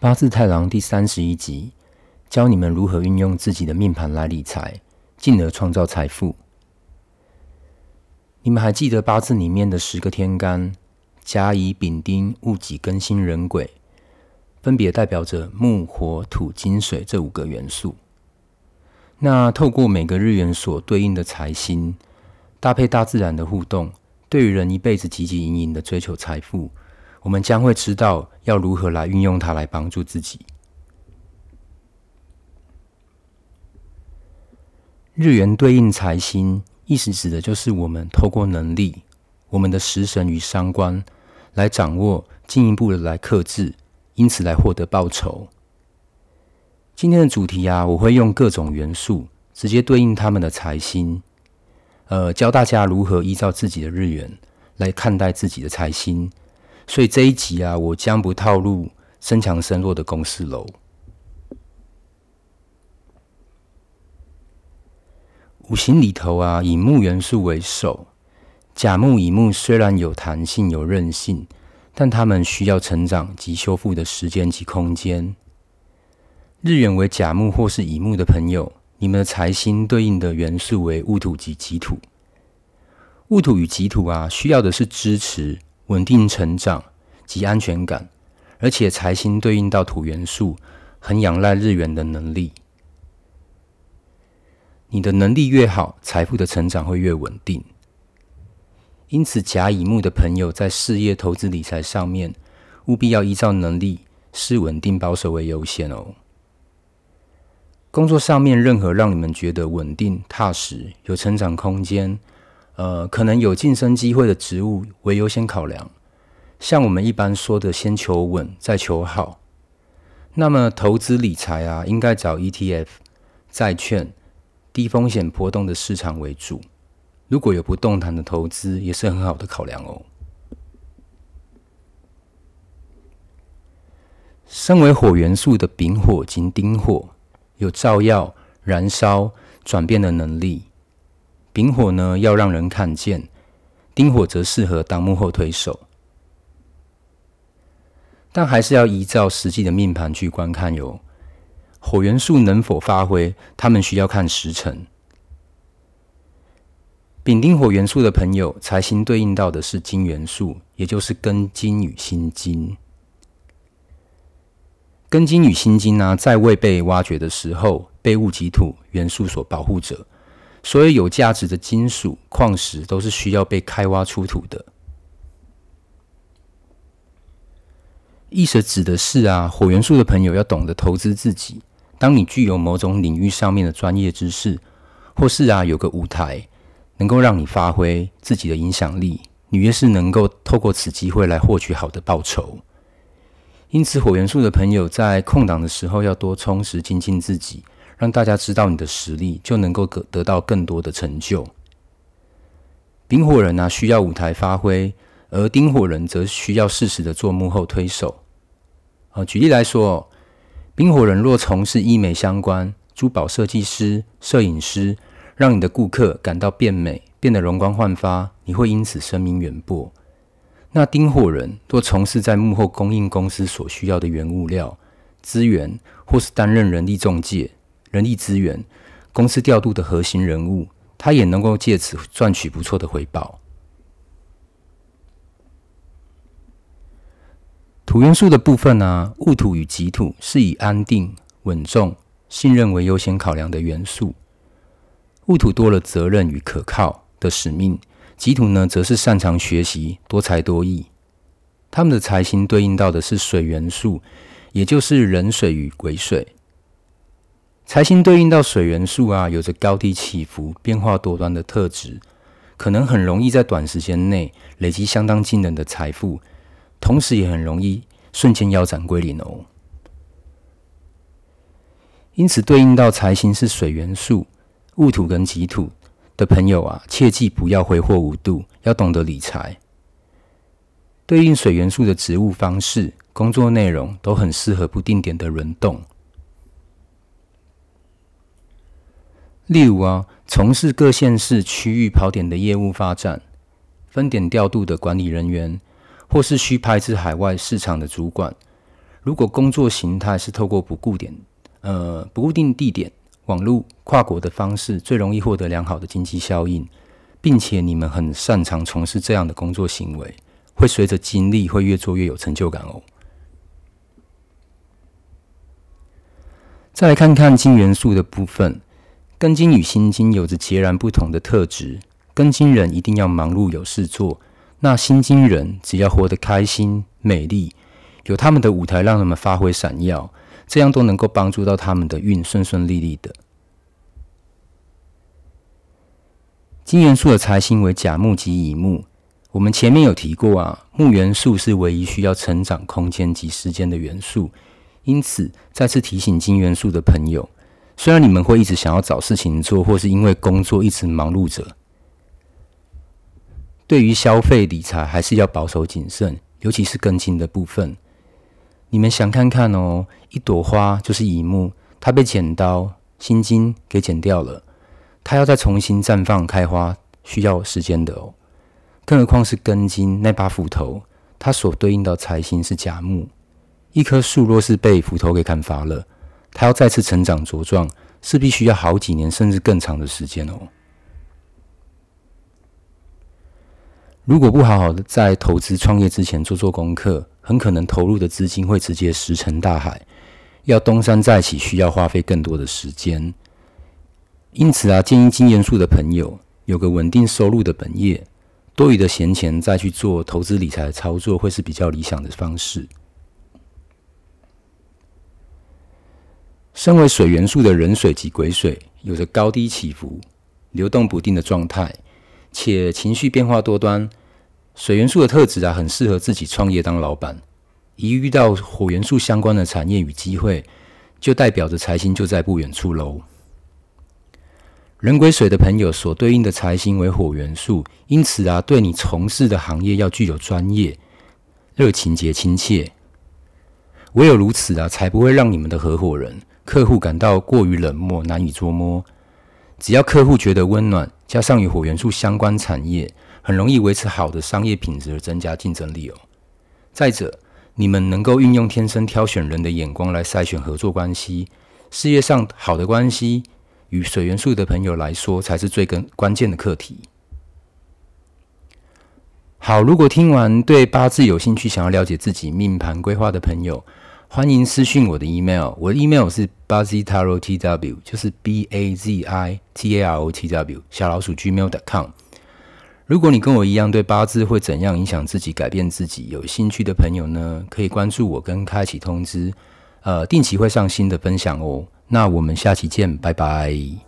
八字太郎第三十一集，教你們如何運用自己的命盤來理財，進而創造財富。你們還記得八字裡面的十個天干，甲乙丙丁戊己庚辛壬癸，分別代表着木火土金水這五個元素。那透過每個日元所對應的財星，搭配大自然的互動，對於人一輩子汲汲營營的追求財富。我們將會知道要如何來運用它來幫助自己。日元對應財星，意思指的就是我們透過能力、我們的食神與傷官來掌握，進一步的來克制，因此來獲得報酬。今天的主題啊，我會用各種元素直接對應他們的財星，呃，教大家如何依照自己的日元來看待自己的財星。所以這一集啊，我將不套路身強身弱的公式樓。五行裡頭啊，以木元素為首，甲木乙木雖然有彈性有韌性，但他們需要成長及修復的時間及空間。日元為甲木或是乙木的朋友，你們的財星對應的元素為戊土及己土。戊土與己土啊，需要的是支持。穩定成長及安全感，而且財星對應到土元素，很仰賴日元的能力。你的能力越好，財富的成長會越穩定。因此，甲乙木的朋友在事業、投資、理財上面，務必要依照能力，視穩定、保守為優先哦。工作上面，任何讓你們覺得穩定、踏實、有成長空間。呃，可能有晉升機會的職務為優先考量，像我們一般說的，先求穩再求好。那麼投資理財啊，應該找 ETF、債券、低風險波動的市場為主。如果有不動產的投資，也是很好的考量哦。身為火元素的丙火及丁火，有照耀、燃燒、轉變的能力。丙火呢，要讓人看見，丁火則適合當幕後推手，但還是要依照實際的命盤去觀看喲。火元素能否發揮，他們需要看時辰。丙丁火元素的朋友，財星對應到的是金元素，也就是庚金與辛金。庚金與辛金呢、啊，在未被挖掘的時候，被戊己土元素所保護着所以，有價值的金屬礦石都是需要被開挖出土的。意思指的是啊，火元素的朋友要懂得投資自己。當你具有某種領域上面的專業知識，或是啊有個舞台能夠讓你發揮自己的影響力，你越是能夠透過此機會來獲取好的報酬。因此，火元素的朋友在空檔的時候要多充實精進自己。讓大家知道你的實力，就能夠得得到更多的成就。丙火人、啊、需要舞台發揮，而丁火人則需要適時的做幕後推手。啊，舉例來說，丙火人若從事醫美相關、珠寶設計師、攝影師，讓你的顧客感到變美，變得容光煥發，你會因此聲名遠播。那丁火人若從事在幕後供應公司所需要的原物料、資源，或是擔任人力中介。人力資源公司調度的核心人物，他也能夠借此賺取不錯的回報。土元素的部分呢、啊，戊土與己土是以安定、穩重、信任為優先考量的元素。戊土多了責任與可靠的使命，己土呢，則是擅長學習、多才多藝。他們的財星對應到的是水元素，也就是壬水與癸水。財星對應到水元素啊，有着高低起伏、變化多端的特質，可能很容易在短時間內累積相當驚人的財富，同時也很容易瞬間腰斬歸零哦。因此，對應到財星是水元素、戊土跟己土的朋友啊，切記不要揮霍無度，要懂得理財。對應水元素的職務方式、工作內容都很適合不定點的輪動。例如啊，從事各縣市區域跑點的業務發展、分點調度的管理人員，或是需派至海外市場的主管，如果工作形態是透過不固定、呃不固定地點、網絡跨國的方式，最容易獲得良好的經濟效應，並且你們很擅長從事這樣的工作行為，會隨着經歷會越做越有成就感哦。再來看看金元素的部分。庚金與辛金有着截然不同的特質，庚金人一定要忙碌有事做，那辛金人只要活得開心、美麗，有他們的舞台讓他們發揮閃耀，這樣都能夠幫助到他們的運順順利利的。金元素的財星為甲木及乙木，我們前面有提過啊，木元素是唯一需要成長空間及時間的元素，因此再次提醒金元素的朋友，雖然你們會一直想要找事情做，或是因為工作一直忙碌着，對於消費理財還是要保守謹慎，尤其是庚金的部分。你們想看看哦，一朵花就是乙木，它被剪刀、辛金，金給剪掉了，它要再重新綻放開花需要時間的哦。更何況是庚金那把斧頭，它所對應的財星是甲木，一棵樹若是被斧頭給砍伐了。他要再次成長茁壯，是必須要好幾年甚至更長的時間哦。如果不好好的在投資創業之前做做功課，很可能投入的資金會直接石沉大海。要東山再起，需要花費更多的時間。因此啊，建議金元素的朋友有個穩定收入的本業，多餘的閒錢再去做投資理財操作，會是比較理想的方式。認為水元素的壬水及癸水有着高低起伏、流動不定的狀態，且情緒變化多端。水元素的特質啊，很適合自己創業當老闆。一遇到火元素相關的產業與機會，就代表着財星就在不遠處囉。壬癸水的朋友所對應的財星為火元素，因此啊，對你從事的行業要具有專業、熱情及親切。唯有如此啊，才不會讓你們的合夥人、客戶感到過於冷漠，難以捉摸。只要客戶覺得溫暖，加上與火元素相關產業，很容易維持好的商業品質而增加競爭力哦。再者，你們能夠運用天生挑選人的眼光來篩選合作關係，事業上好的關係與水元素的朋友來說，才是最根關鍵的課題。好，如果聽完對八字有興趣，想要了解自己命盤規劃的朋友。歡迎私訊我的 email，我的 email 是 bazitarotw，就是 b a z i t a r o t w 小老鼠 gmail.com。如果你跟我一樣對八字會怎樣影響自己、改變自己有興趣的朋友呢，可以關注我跟開啟通知，呃，定期會上新的分享哦。那我們下期見，拜拜。